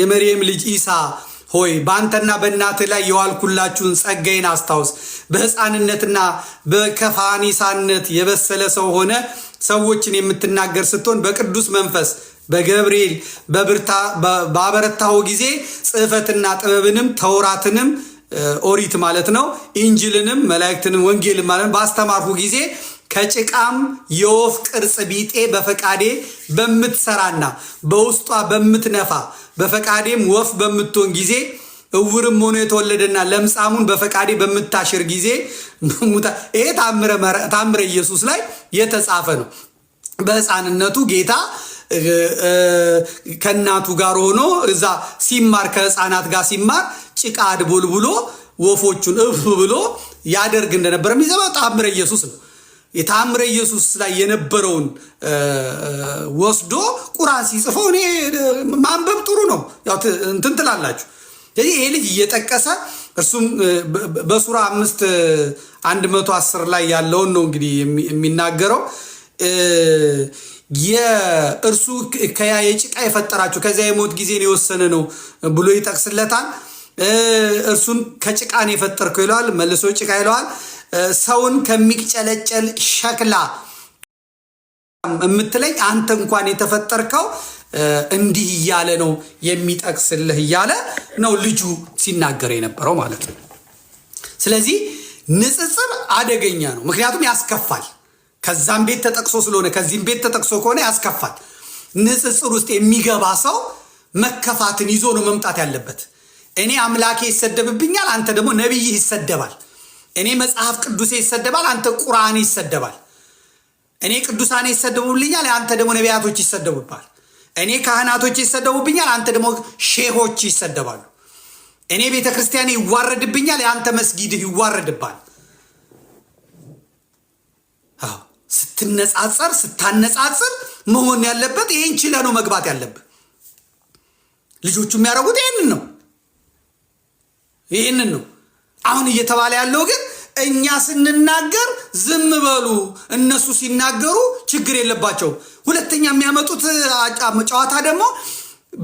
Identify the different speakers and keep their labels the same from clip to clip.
Speaker 1: የመርየም ልጅ ኢሳ ሆይ በአንተና በእናትህ ላይ የዋልኩላችሁን ጸጋዬን አስታውስ። በሕፃንነትና በከፋኒሳነት የበሰለ ሰው ሆነ ሰዎችን የምትናገር ስትሆን በቅዱስ መንፈስ በገብርኤል ባበረታሁ ጊዜ ጽሕፈትና ጥበብንም ተውራትንም ኦሪት ማለት ነው፣ ኢንጅልንም መላእክትንም ወንጌልን ማለት ነው ባስተማርሁ ጊዜ ከጭቃም የወፍ ቅርጽ ቢጤ በፈቃዴ በምትሰራና በውስጧ በምትነፋ በፈቃዴም ወፍ በምትሆን ጊዜ እውርም ሆኖ የተወለደና ለምጻሙን በፈቃዴ በምታሽር ጊዜ ይሄ ታምረ ኢየሱስ ላይ የተጻፈ ነው። በሕፃንነቱ ጌታ ከእናቱ ጋር ሆኖ እዛ ሲማር ከሕፃናት ጋር ሲማር ጭቃ አድቦል ብሎ ወፎቹን እፍ ብሎ ያደርግ እንደነበረ የሚዘባ ታምረ ኢየሱስ ነው። የታምረ ኢየሱስ ላይ የነበረውን ወስዶ ቁራን ሲጽፈው እኔ ማንበብ ጥሩ ነው እንትን ትላላችሁ። ስለዚህ ይሄ ልጅ እየጠቀሰ እርሱም በሱራ አምስት አንድ መቶ አስር ላይ ያለውን ነው እንግዲህ የሚናገረው የእርሱ ከያ የጭቃ የፈጠራችሁ ከዚያ የሞት ጊዜን የወሰነ ነው ብሎ ይጠቅስለታል። እርሱን ከጭቃን የፈጠርከው ይለዋል፣ መልሶ ጭቃ ይለዋል። ሰውን ከሚቅጨለጨል ሸክላ የምትለኝ አንተ እንኳን የተፈጠርከው እንዲህ እያለ ነው የሚጠቅስልህ እያለ ነው ልጁ ሲናገር የነበረው ማለት ነው። ስለዚህ ንጽጽር አደገኛ ነው፣ ምክንያቱም ያስከፋል። ከዛም ቤት ተጠቅሶ ስለሆነ ከዚህም ቤት ተጠቅሶ ከሆነ ያስከፋል። ንጽጽር ውስጥ የሚገባ ሰው መከፋትን ይዞ ነው መምጣት ያለበት። እኔ አምላኬ ይሰደብብኛል፣ አንተ ደግሞ ነቢይህ ይሰደባል። እኔ መጽሐፍ ቅዱሴ ይሰደባል፣ አንተ ቁርአን ይሰደባል። እኔ ቅዱሳኔ ይሰደቡልኛል፣ አንተ ደግሞ ነቢያቶች ይሰደቡባል። እኔ ካህናቶች ይሰደቡብኛል፣ አንተ ደግሞ ሼሆች ይሰደባሉ። እኔ ቤተ ክርስቲያን ይዋረድብኛል፣ የአንተ መስጊድህ ይዋረድባል። ስትነጻጸር ስታነጻጽር መሆን ያለበት ይህን ችለህ ነው መግባት ያለብህ። ልጆቹ የሚያደርጉት ይህንን ነው፣ ይህንን ነው። አሁን እየተባለ ያለው ግን እኛ ስንናገር ዝም በሉ፣ እነሱ ሲናገሩ ችግር የለባቸው። ሁለተኛ የሚያመጡት ጨዋታ ደግሞ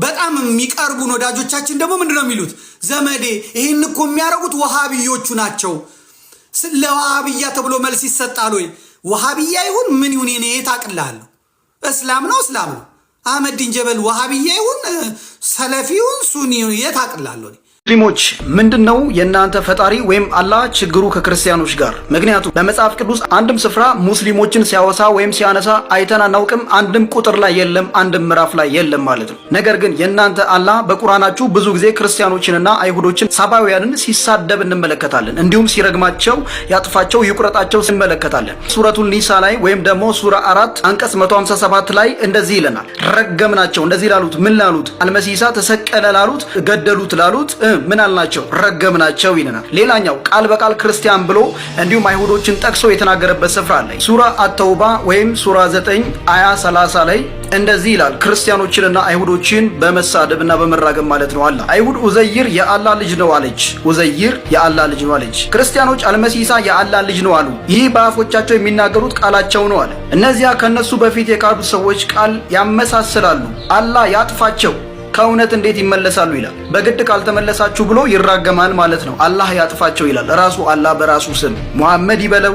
Speaker 1: በጣም የሚቀርቡን ወዳጆቻችን ደግሞ ምንድን ነው የሚሉት? ዘመዴ ይህን እኮ የሚያደርጉት ውሃብዮቹ ናቸው። ለውሃብያ ተብሎ መልስ ይሰጣል ወይ? ወሃብያ ይሁን ምን ይሁን ኔ ታቅላለሁ። እስላም ነው እስላም ነው። አህመዲን ጀበል ውሃብያ ይሁን ሰለፊ ይሁን ሱኒ የት
Speaker 2: ሙስሊሞች ምንድን ነው የእናንተ ፈጣሪ ወይም አላህ ችግሩ ከክርስቲያኖች ጋር? ምክንያቱም በመጽሐፍ ቅዱስ አንድም ስፍራ ሙስሊሞችን ሲያወሳ ወይም ሲያነሳ አይተን አናውቅም። አንድም ቁጥር ላይ የለም፣ አንድም ምዕራፍ ላይ የለም ማለት ነው። ነገር ግን የእናንተ አላህ በቁርአናችሁ ብዙ ጊዜ ክርስቲያኖችንና አይሁዶችን ሳባውያንን ሲሳደብ እንመለከታለን። እንዲሁም ሲረግማቸው፣ ያጥፋቸው፣ ይቁረጣቸው እንመለከታለን። ሱረቱን ኒሳ ላይ ወይም ደግሞ ሱራ አራት አንቀጽ 157 ላይ እንደዚህ ይለናል። ረገምናቸው፣ እንደዚህ ላሉት ምን ላሉት? አልመሲሳ ተሰቀለ ላሉት፣ ገደሉት ላሉት ሁሉንም ምን አልናቸው? ረገምናቸው ይለናል። ሌላኛው ቃል በቃል ክርስቲያን ብሎ እንዲሁም አይሁዶችን ጠቅሶ የተናገረበት ስፍራ አለ። ሱራ አተውባ ወይም ሱራ 9 አያ 30 ላይ እንደዚህ ይላል። ክርስቲያኖችንና አይሁዶችን በመሳደብ እና በመራገም ማለት ነው አላ አይሁድ ኡዘይር የአላ ልጅ ነው አለች። ኡዘይር የአላህ ልጅ ነው አለች። ክርስቲያኖች አልመሲሳ የአላ ልጅ ነው አሉ። ይህ በአፎቻቸው የሚናገሩት ቃላቸው ነው አለ። እነዚያ ከነሱ በፊት የካዱ ሰዎች ቃል ያመሳስላሉ። አላህ ያጥፋቸው። ከእውነት እንዴት ይመለሳሉ ይላል። በግድ ካልተመለሳችሁ ብሎ ይራገማል ማለት ነው። አላህ ያጥፋቸው ይላል ራሱ አላህ በራሱ ስም ሙሐመድ ይበለው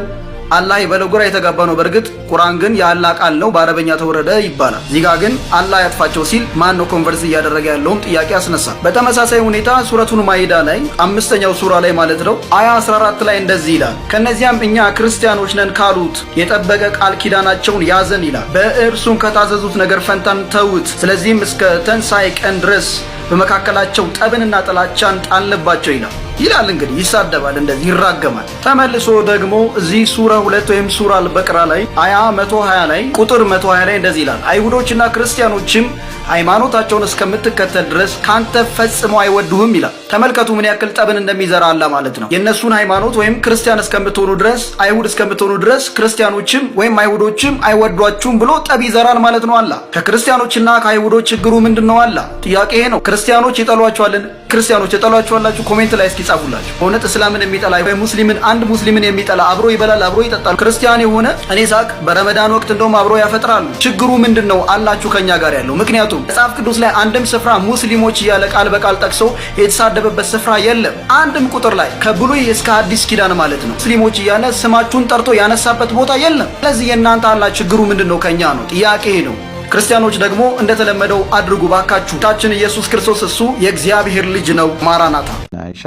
Speaker 2: አላህ በለጉራ የተጋባ ነው። በእርግጥ ቁርአን ግን የአላህ ቃል ነው፣ በአረበኛ ተወረደ ይባላል። እዚህ ጋር ግን አላህ ያጥፋቸው ሲል ማን ነው ኮንቨርስ እያደረገ ያለውም ጥያቄ ያስነሳል። በተመሳሳይ ሁኔታ ሱረቱን ማይዳ ላይ አምስተኛው ሱራ ላይ ማለት ነው አያ 14 ላይ እንደዚህ ይላል፣ ከነዚያም እኛ ክርስቲያኖች ነን ካሉት የጠበቀ ቃል ኪዳናቸውን ያዘን ይላል። በእርሱም ከታዘዙት ነገር ፈንታን ተውት። ስለዚህም እስከ ተንሳይ ቀን ድረስ በመካከላቸው ጠብንና ጥላቻን ጣልንባቸው ይላል። ይላል እንግዲህ ይሳደባል፣ እንደዚህ ይራገማል። ተመልሶ ደግሞ እዚህ ሱራ ሁለት ወይም ሱራ አልበቅራ ላይ አያ 120 ላይ ቁጥር 120 ላይ እንደዚህ ይላል አይሁዶችና ክርስቲያኖችም ሃይማኖታቸውን እስከምትከተል ድረስ ካንተ ፈጽሞ አይወዱህም ይላል። ተመልከቱ ምን ያክል ጠብን እንደሚዘራ አላ ማለት ነው። የእነሱን ሃይማኖት ወይም ክርስቲያን እስከምትሆኑ ድረስ አይሁድ እስከምትሆኑ ድረስ ክርስቲያኖችም ወይም አይሁዶችም አይወዷችሁም ብሎ ጠብ ይዘራል ማለት ነው አላ። ከክርስቲያኖችና ከአይሁዶች ችግሩ ምንድን ነው አላ? ጥያቄ ነው። ክርስቲያኖች ይጠሏቸዋልን? ክርስቲያኖች የጠሏችኋላችሁ ኮሜንት ላይ እስኪ ጻፉላችሁ። በእውነት እስላምን የሚጠላ ሙስሊምን አንድ ሙስሊምን የሚጠላ አብሮ ይበላል፣ አብሮ ይጠጣል። ክርስቲያን የሆነ እኔ ሳቅ በረመዳን ወቅት እንደውም አብሮ ያፈጥራሉ። ችግሩ ምንድን ነው አላችሁ ከኛ ጋር ያለው ምክንያቱም መጽሐፍ ቅዱስ ላይ አንድም ስፍራ ሙስሊሞች እያለ ቃል በቃል ጠቅሶ የተሳደበበት ስፍራ የለም። አንድም ቁጥር ላይ ከብሉይ እስከ አዲስ ኪዳን ማለት ነው ሙስሊሞች እያለ ስማችሁን ጠርቶ ያነሳበት ቦታ የለም። ስለዚህ የእናንተ አላ ችግሩ ምንድን ነው? ከኛ ነው ጥያቄ ነው። ክርስቲያኖች ደግሞ እንደተለመደው አድርጉ ባካችሁ። ታችን ኢየሱስ ክርስቶስ እሱ የእግዚአብሔር ልጅ ነው። ማራናታ
Speaker 3: አይሻ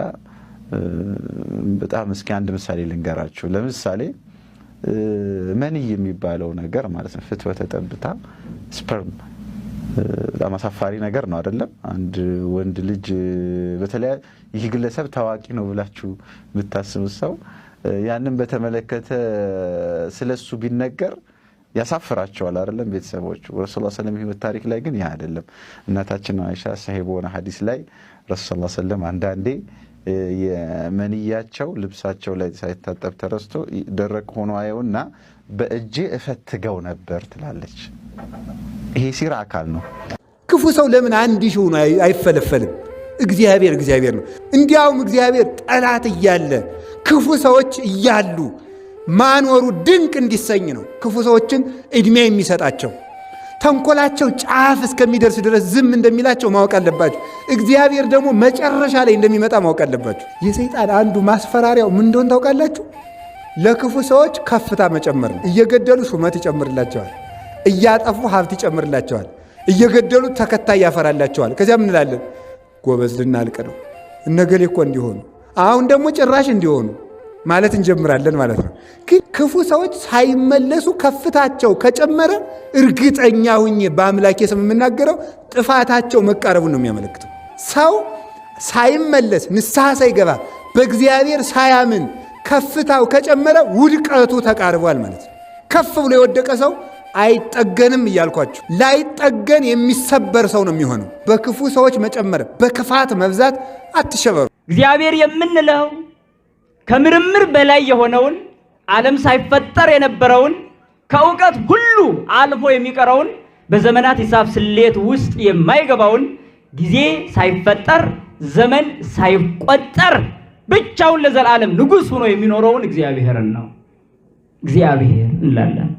Speaker 3: በጣም እስኪ አንድ ምሳሌ ልንገራችሁ። ለምሳሌ መንይ የሚባለው ነገር ማለት ነው። ፍትወተ ጠብታ ስፐርም በጣም አሳፋሪ ነገር ነው አይደለም? አንድ ወንድ ልጅ በተለያ ይህ ግለሰብ ታዋቂ ነው ብላችሁ የምታስቡት ሰው ያንን በተመለከተ ስለሱ ቢነገር ያሳፍራቸዋል አይደለም ቤተሰቦቹ። ረሱ ሰለም ህይወት ታሪክ ላይ ግን ይህ አይደለም። እናታችን አይሻ ሰሄ በሆነ ሀዲስ ላይ ረሱ ስ ሰለም አንዳንዴ የመንያቸው ልብሳቸው ላይ ሳይታጠብ ተረስቶ ደረቅ ሆኖ አየውና በእጄ እፈትገው ነበር ትላለች። ይሄ ሲራ አካል ነው።
Speaker 1: ክፉ ሰው ለምን አንድ ሺህ ሆኖ አይፈለፈልም? እግዚአብሔር እግዚአብሔር ነው። እንዲያውም እግዚአብሔር ጠላት እያለ ክፉ ሰዎች እያሉ ማኖሩ ድንቅ እንዲሰኝ ነው። ክፉ ሰዎችን ዕድሜ የሚሰጣቸው ተንኮላቸው ጫፍ እስከሚደርስ ድረስ ዝም እንደሚላቸው ማወቅ አለባቸው። እግዚአብሔር ደግሞ መጨረሻ ላይ እንደሚመጣ ማወቅ አለባችሁ። የሰይጣን አንዱ ማስፈራሪያው ምን እንደሆን ታውቃላችሁ? ለክፉ ሰዎች ከፍታ መጨመር ነው። እየገደሉ ሹመት ይጨምርላቸዋል፣ እያጠፉ ሀብት ይጨምርላቸዋል፣ እየገደሉ ተከታይ ያፈራላቸዋል። ከዚያ ምንላለን ጎበዝ ልናልቅ ነው እነገሌ እኮ እንዲሆኑ አሁን ደግሞ ጭራሽ እንዲሆኑ ማለት እንጀምራለን ማለት ነው። ግን ክፉ ሰዎች ሳይመለሱ ከፍታቸው ከጨመረ እርግጠኛ ሁኜ በአምላኬ ስም የምናገረው ጥፋታቸው መቃረቡን ነው የሚያመለክተው። ሰው ሳይመለስ ንስሐ ሳይገባ በእግዚአብሔር ሳያምን ከፍታው ከጨመረ ውድቀቱ ተቃርቧል ማለት ነው። ከፍ ብሎ የወደቀ ሰው አይጠገንም እያልኳችሁ፣ ላይጠገን የሚሰበር ሰው ነው የሚሆነው። በክፉ ሰዎች መጨመር፣ በክፋት መብዛት አትሸበሩ።
Speaker 4: እግዚአብሔር የምንለው ከምርምር በላይ የሆነውን ዓለም ሳይፈጠር የነበረውን ከእውቀት ሁሉ አልፎ የሚቀረውን በዘመናት ሂሳብ ስሌት ውስጥ የማይገባውን ጊዜ ሳይፈጠር ዘመን ሳይቆጠር ብቻውን ለዘላለም ንጉሥ ሆኖ የሚኖረውን እግዚአብሔርን ነው እግዚአብሔር እንላለን።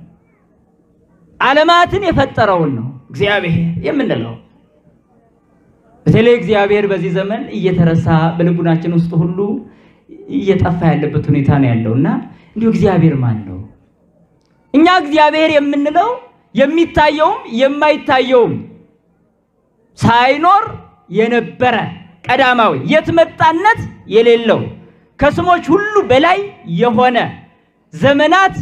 Speaker 4: ዓለማትን የፈጠረውን ነው እግዚአብሔር የምንለው። በተለይ እግዚአብሔር በዚህ ዘመን እየተረሳ በልቡናችን ውስጥ ሁሉ እየጠፋ ያለበት ሁኔታ ነው ያለው እና እንዲሁ እግዚአብሔር ማን ነው? እኛ እግዚአብሔር የምንለው የሚታየውም የማይታየውም ሳይኖር የነበረ ቀዳማዊ መጣነት የሌለው ከስሞች ሁሉ በላይ የሆነ ዘመናት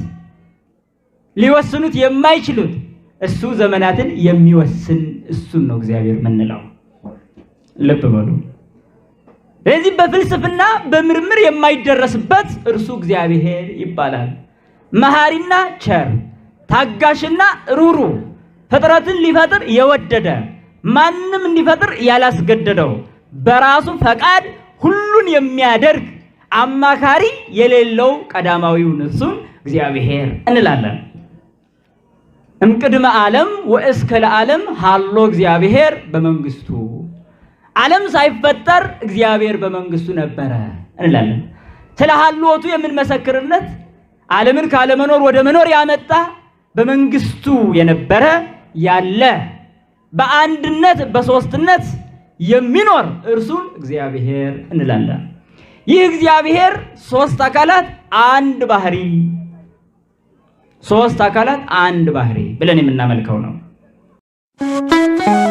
Speaker 4: ሊወስኑት የማይችሉት እሱ ዘመናትን የሚወስን እሱን ነው እግዚአብሔር የምንለው። ልብ በሉ። ስለዚህ በፍልስፍና በምርምር የማይደረስበት እርሱ እግዚአብሔር ይባላል። መሐሪና ቸር፣ ታጋሽና ሩሩ፣ ፍጥረትን ሊፈጥር የወደደ ማንም እንዲፈጥር ያላስገደደው በራሱ ፈቃድ ሁሉን የሚያደርግ አማካሪ የሌለው ቀዳማዊውን እሱን እግዚአብሔር እንላለን። እምቅድመ ዓለም ወእስከ ለዓለም ሃሎ እግዚአብሔር በመንግስቱ ዓለም ሳይፈጠር እግዚአብሔር በመንግስቱ ነበረ እንላለን። ስለ ሀልወቱ የምንመሰክርለት ዓለምን ካለመኖር ወደ መኖር ያመጣ በመንግስቱ የነበረ ያለ በአንድነት በሶስትነት የሚኖር እርሱን እግዚአብሔር እንላለን። ይህ እግዚአብሔር ሶስት አካላት አንድ ባህሪ ሶስት አካላት አንድ ባህሪ ብለን የምናመልከው ነው።